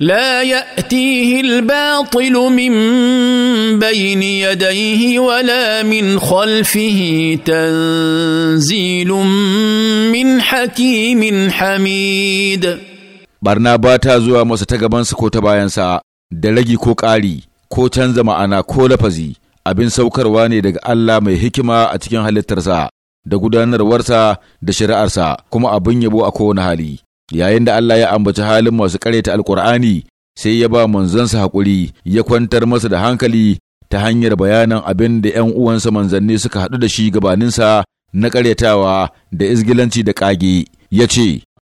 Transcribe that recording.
لا ياتيه الباطل من بين يديه ولا من خلفه تنزيل من حكيم حميد barna ba ta zuwa masa ta gabansa ko ta bayansa da ragi ko ƙari ko canza ma'ana ko lafazi abin saukarwa ne daga Allah mai hikima a cikin halittarsa da gudanarwarsa da shari'arsa kuma abin yabo a kowane hali yayin da Allah ya ambaci halin masu ƙareta alkur'ani sai ya ba manzansa haƙuri ya kwantar masa da hankali ta hanyar bayanan abin da 'yan uwansa manzanni suka haɗu da shi gabaninsa na ƙaretawa da izgilanci da ƙage ya ce